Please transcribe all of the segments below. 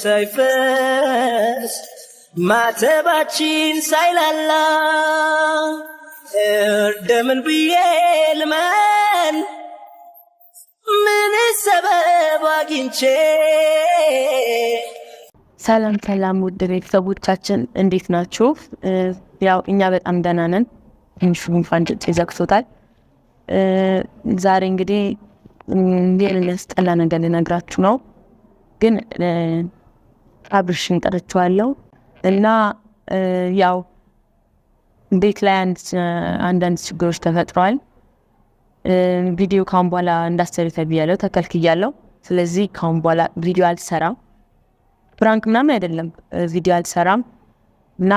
ሳይፈስ ማተባችን ሳይላላ እርደምን ብዬ ልመን ምን ሰበብ አግኝቼ። ሰላም ሰላም፣ ውድ ቤተሰቦቻችን እንዴት ናችሁ? ያው እኛ በጣም ደህና ነን። ትንሽ ጉንፋን ጭጭ ዘግቶታል። ዛሬ እንግዲህ የሚያስጠላ ነገር ልነግራችሁ ነው። ግን አብርሽን ጠርቼዋለሁ እና ያው ቤት ላይ አንዳንድ ችግሮች ተፈጥረዋል። ቪዲዮ ካሁን በኋላ እንዳሰሪ ተብያለሁ፣ ተከልክያለሁ። ስለዚህ ካሁን በኋላ ቪዲዮ አልሰራም። ፕራንክ ምናምን አይደለም፣ ቪዲዮ አልሰራም እና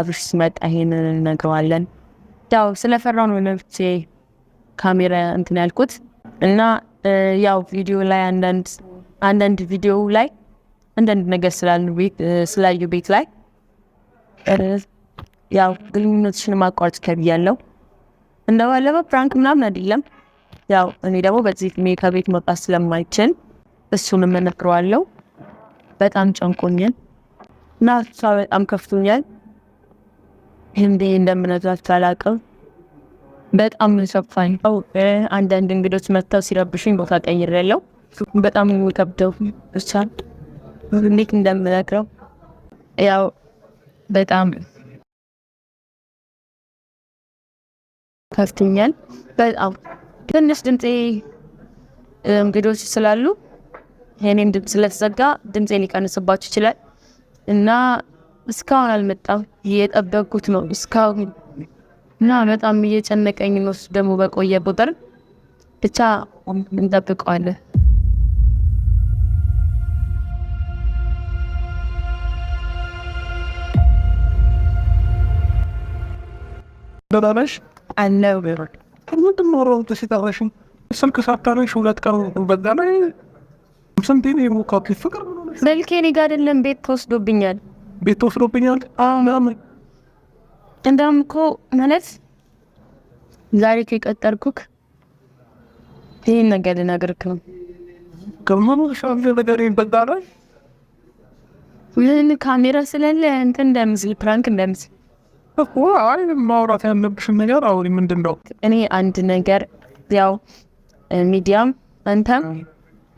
አብርሽ ሲመጣ ይሄን እነግረዋለን። ያው ስለፈራው ነው ለብቼ ካሜራ እንትን ያልኩት እና ያው ቪዲዮ ላይ አንዳንድ አንዳንድ ቪዲዮ ላይ አንዳንድ ነገር ስላሉ ቤት ስላዩ ቤት ላይ ያው ግንኙነትሽን ማቋረጥ ከብያለው እንደ ባለፈው ፕራንክ ምናምን አይደለም። ያው እኔ ደግሞ በዚህ ሜ ከቤት መውጣት ስለማይችል እሱን እነግረዋለሁ። በጣም ጨንቆኛል እና እሷ በጣም ከፍቶኛል። ይህም እንደምነግራት አላውቅም። በጣም ሸፋኝ ው አንዳንድ እንግዶች መጥተው ሲረብሽኝ ቦታ ቀይር በጣም ከብደው ብቻ እንዴት እንደምነግረው ያው በጣም ከፍትኛል። በጣም ትንሽ ድምፄ እንግዶች ስላሉ የእኔም ድምፅ ስለተዘጋ ድምፄ ሊቀንስባችሁ ይችላል እና እስካሁን አልመጣም። የጠበቅኩት ነው እስካሁን እና በጣም እየጨነቀኝ ነው። እሱ ደግሞ በቆየ ቁጥር ብቻ እንጠብቀዋለን። ደዳነሽ አለው ምንድን ኖሮ ስልክ ሳታነሽ ሁለት ቀን በዛ ላይ ስንቴ የሞካት ፍቅር ስልኬ እኔ አይደለም ቤት ተወስዶብኛል። ቤት ተወስዶብኛል ምናምን እንደውም እኮ ማለት ዛሬ ከቀጠርኩክ ይህን ነገር ልነግርክ ነው። ነገር ይህን ካሜራ ስለለ እንትን እንደምስል ፕራንክ እንደምስል ማውራት ያለብሽ ነገር አሁን ምንድን ነው? እኔ አንድ ነገር ያው ሚዲያም አንተም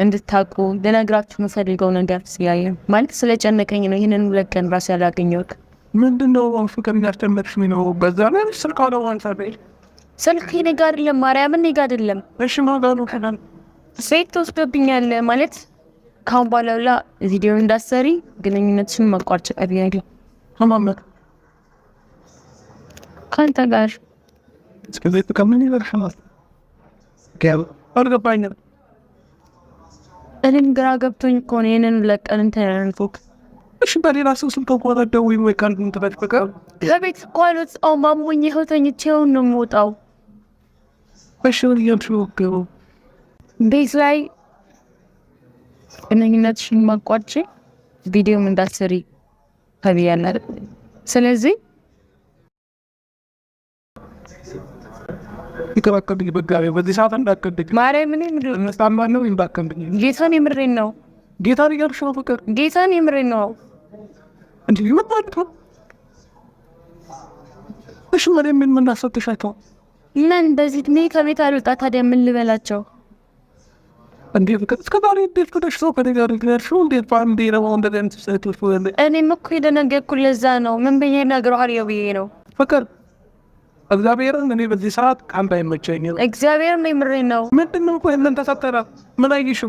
እንድታቁ ልነግራችሁ የምፈልገው ነገር ስላየ ማለት ስለጨነቀኝ ነው። ይህንን ሁለት ቀን ራሱ ያላገኘሁት ምንድነው ፍቅር እያስጨመጥሽ የሚኖሩ በዛ ላይ ስልክ አለዋን ሳቤል ስልክ እኔ ጋ አይደለም፣ ማርያምን እኔ ጋ አይደለም። እሺ ማን ጋ ነው? ከናን ሴት ትወስዶብኛል ማለት ካሁን በኋላ እዚህ እንዳሰሪ ግንኙነትሽን መቋርጭ ቀርያለ ከማመት ከአንተ ጋር እስከዚህ ተቀምን ይበርሽናል። ገብ አልገባኝም። እኔም ግራ ገብቶኝ ከሆነ ይህንን ለቀን እንትን እሺ በሌላ ሰው ስልክ እንኳን አደው ወይ ወይ ምትበት ተጠቅቀ ለቤት ቆሎት ኦ ማሞኝ ይሁተኝ ቼው ነው የምወጣው። በሽውን ምን ያምሽው ቤት ላይ ግንኙነትሽን ማቋጭ ቪዲዮም እንዳትሰሪ ተብያለሁ ስለዚህ ይከባከብኝ በጋቢ በዚህ ሰዓት እንዳከብኝ ማርያም ምን ምን ነው ጌታን የምሬን ነው ጌታን እያምሽ ነው ፍቅር ጌታን የምሬን ነው እሺ ወደ ምን ምናስወጥሻቸው? ምን በዚህ እድሜ ከቤት አልወጣ። ታዲያ ምን ልበላቸው? እኔም እኮ የደነገኩት ለዛ ነው። ምን ብዬ እነግረዋለሁ ብዬ ነው። ፍቅር እግዚአብሔርን እኔ በዚህ ሰዓት ከአንድ አይመቸኝም። እግዚአብሔር ነው የምሬ ነው። ምንድን ነው ቆይ ተሰጠረ? ምን አየሽው?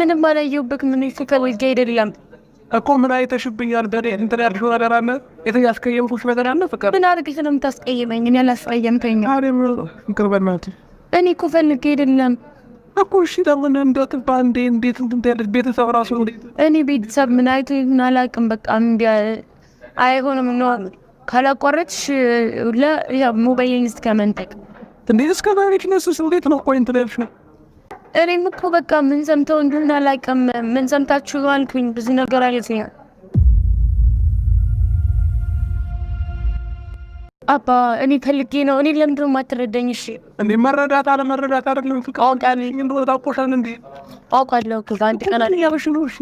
ምንም አላየሁብህ። ምን ፍቅር ወይጋ አይደለም እኮ ምን አይተሽብኛል? በእኔ እንትን ያልሽው ነገር አለ፣ የት ያስቀየምኩሽ ነገር አለ? ፍቅር ምን አድርጌ ስለምታስቀይመኝ እኔ አላስቀየምከኝም። ፍቅር እኔ እኮ ፈልጌ አይደለም እኮ። እሺ ለምን እንደት በአንዴ እንዴት እንትን ቤተሰብ ራሱ እኔ ቤተሰብ ምን አይቶ ይሁን አላውቅም። በቃ እምቢ አይሆንም ነው ካላቋረጥሽ ለሞባይል እስከ መንጠቅ እንዴት እስከ ማሪክ ነሱስ እንዴት ነው ቆይ እንትን ነው እኔም እኮ በቃ ምን ሰምተው እንደሆነ አላውቅም። ምን ሰምታችሁ አልኩኝ ብዙ ነገር አለትኛል። አባ እኔ ፈልጌ ነው። እኔ ለምንድን ነው የማትረዳኝ? እሺ እንዴ መረዳት አለመረዳት አይደለም። ፍቅ አሁን ቃል እንደሆነ ታውቆሻል እንዴ? አውቃለሁ። ከዛ አንድ ቀን ያበሽ ነው። እሺ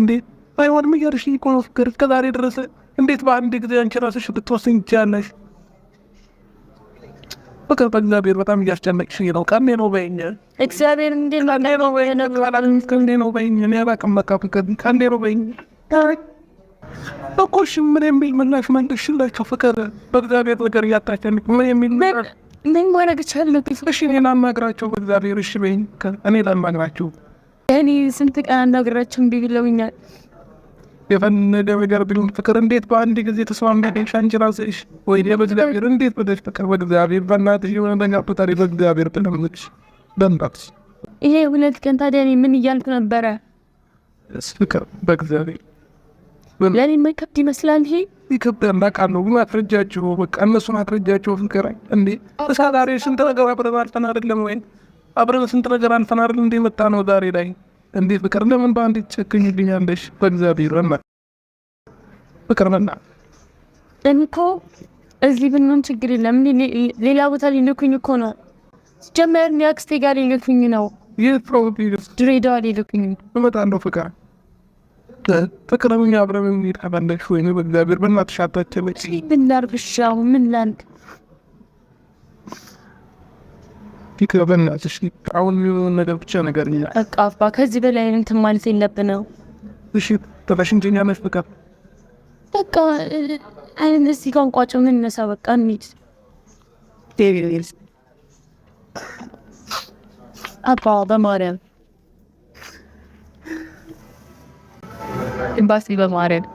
እንዴ ባይሆንም እያልሽ እኮ ነው ፍቅር እስከዛሬ ድረስ እንዴት በአንድ ጊዜ አንቺ ራስሽ ልትወስኝ ትችያለሽ? በቃ በእግዚአብሔር በጣም እያስጨነቅሽኝ ነው። ቀኔ ነው በይኝ። እግዚአብሔር እንዴት ነው ቀኔ ነው በይኝ። ቀኔ ነው በይኝ። እኔ አላውቅም። በቃ ፍቅር ቀኔ ነው በይኝ እኮ። እሺ ምን የሚል ምላሽ መንደሽላቸው? ፍቅር በእግዚአብሔር ነገር እያታጨንቅ ምን የሚል ምን ማድረግ እሺ እኔ ላናግራቸው በእግዚአብሔር። እሺ በይኝ። እኔ ላናግራቸው። እኔ ስንት ቀን አናግራቸው እንቢ ብለውኛል። የፈነደ ነገር ቢሆን ፍቅር እንዴት በአንድ ጊዜ ተስማምተሽ አንቺ ራስሽ ወይ በእግዚአብሔር እንዴት በደሽ ፍቅር በእግዚአብሔር በእናትሽ የሆነ ነገር በእግዚአብሔር ጥለምች በንባክሽ ይሄ ሁለት ቀን ታዲያ እኔ ምን እያልኩ ነበረ? ፍቅር በእግዚአብሔር ለእኔ የማይከብድ ይመስላል። ይሄ ይከብዳል እናውቃለሁ፣ ግን አትረጃቸው፣ በቃ እነሱን አትረጃቸው። ፍቅር እንዴ እሳ ዛሬ ስንት ነገር አብረን አልፈን አይደለም ወይ? አብረን ስንት ነገር አልፈን አይደል እንዴ መጣ ነው ዛሬ ላይ እንዴት ፍቅር ለምን በአንድ ትጨክኝልኛለሽ? በእግዚአብሔር እና ፍቅር ነና እንኮ እዚህ ብንሆን ችግር የለም። ሌላ ቦታ ሊልኩኝ እኮ ነው። ጀመር አክስቴ ጋር ሊልኩኝ ነው። ይህ ድሬዳዋ ሊልኩኝ እንደው ፍቅር ፍቅር ምኛ አብረን እንሄድ ካለሽ ወይ በእግዚአብሔር በእናትሽ አታቸለች። ምን ላድርግ? ምን ላንድ አሁን የሚሆን ነገር ብቻ ነገር በቃ አባ ከዚህ በላይ እንትን ማለት የለብንም። እሺ በሽንጀኛ መች በቃ በቃ እዚህ ጋር እንቋጭ። ምን እነሳ በቃ እንሂድ። አባ በማርያም ኤምባሲ በማርያም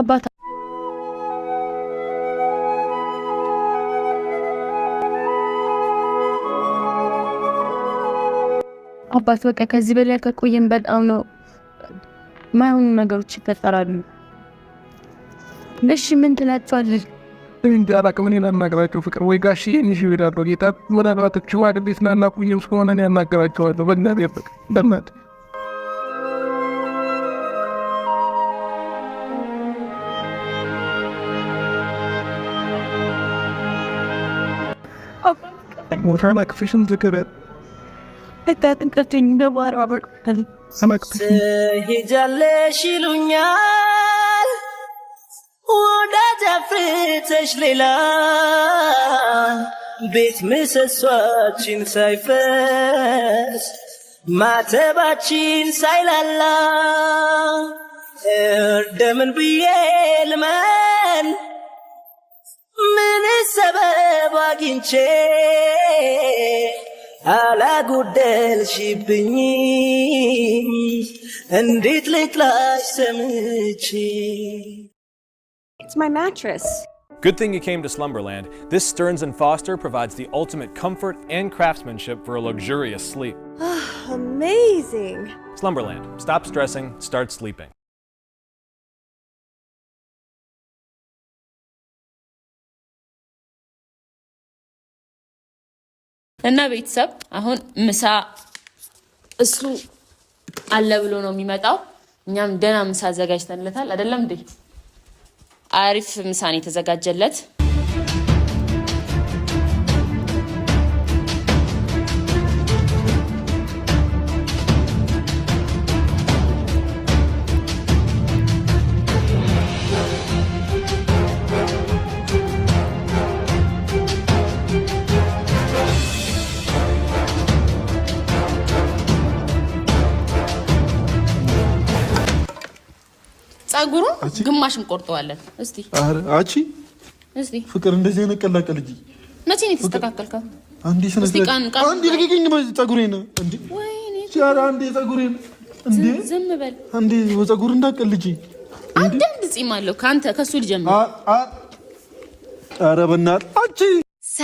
አባት አባት በቃ ከዚህ በላይ ከቆየን በጣም ነው ማይሆኑ ነገሮች ይፈጠራሉ። እሺ ምን ትላቸዋለን? እንዲ አላቅም። እኔ ላናገራቸው ፍቅር ወይ ጋሽዬ ይሽ ይሄዳሉ። ጌታ ምናልባት ሽማግሌ ስላናቁኝም ስለሆነ እኔ ያናገራቸዋለሁ። በእግዚአብሔር ፍቅር በእናትህ ወሻላ ክፍሽን ዝክበት እንዳትንቀጭኝ ለማራበቅ ትሄጃለሽ ይሉኛል ወዳጅ አፍርተሽ ሌላ ቤት ምሰሷችን ሳይፈስ ማተባችን ሳይላላ እርደምን ብዬ ልመን ምን ሰበብ አግኝቼ እንዴት It's my mattress. Good thing you came to Slumberland. This Stearns and Foster provides the ultimate comfort and craftsmanship for a luxurious sleep. Ah, amazing. Slumberland. Stop stressing, start sleeping. እና ቤተሰብ አሁን ምሳ እሱ አለ ብሎ ነው የሚመጣው። እኛም ደህና ምሳ አዘጋጅተንለታል። አይደለም እንዴ? አሪፍ ምሳ ነው የተዘጋጀለት። ጸጉሩ ግማሽም ቆርጠዋለን። እስቲ አረ አቺ እስቲ ፍቅር እንደዚህ አይነት ቀላቀል እንጂ መቼ ነው የተስተካከልከው? አንዴ ስነ እስቲ ቃን ቃን አንዴ ልቀቀኝ። ጸጉሬን እንዴ ወይኔ ቻራ አንዴ ጸጉሬን እንዴ ዝም በል አንዴ ጸጉር እንዳቀል እንጂ አንዴ ጺም አለው። ካንተ ከሱ ልጀምር። አረ በእናትህ አቺ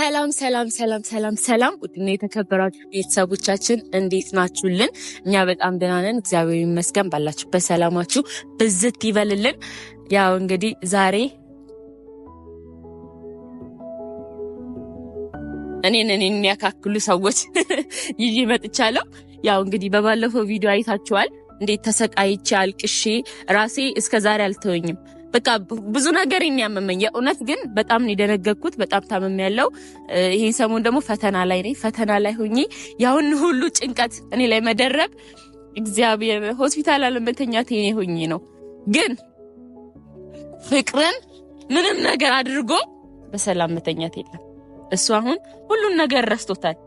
ሰላም ሰላም ሰላም ሰላም ሰላም፣ ውድና የተከበራችሁ ቤተሰቦቻችን እንዴት ናችሁልን? እኛ በጣም ደህና ነን፣ እግዚአብሔር ይመስገን። ባላችሁበት ሰላማችሁ ብዝት ይበልልን። ያው እንግዲህ ዛሬ እኔን እኔ የሚያካክሉ ሰዎች ይዤ መጥቻለሁ። ያው እንግዲህ በባለፈው ቪዲዮ አይታችኋል እንዴት ተሰቃይቼ አልቅሼ ራሴ እስከ ዛሬ አልተወኝም በቃ ብዙ ነገር የሚያመመኝ የእውነት ግን በጣም የደነገግኩት። በጣም ታመም ያለው ይህን ሰሞን ደግሞ ፈተና ላይ ነኝ። ፈተና ላይ ሆኜ ያሁን ሁሉ ጭንቀት እኔ ላይ መደረብ እግዚአብሔር ሆስፒታል አለመተኛት ኔ ሆኜ ነው። ግን ፍቅርን ምንም ነገር አድርጎ በሰላም መተኛት የለም። እሱ አሁን ሁሉን ነገር ረስቶታል።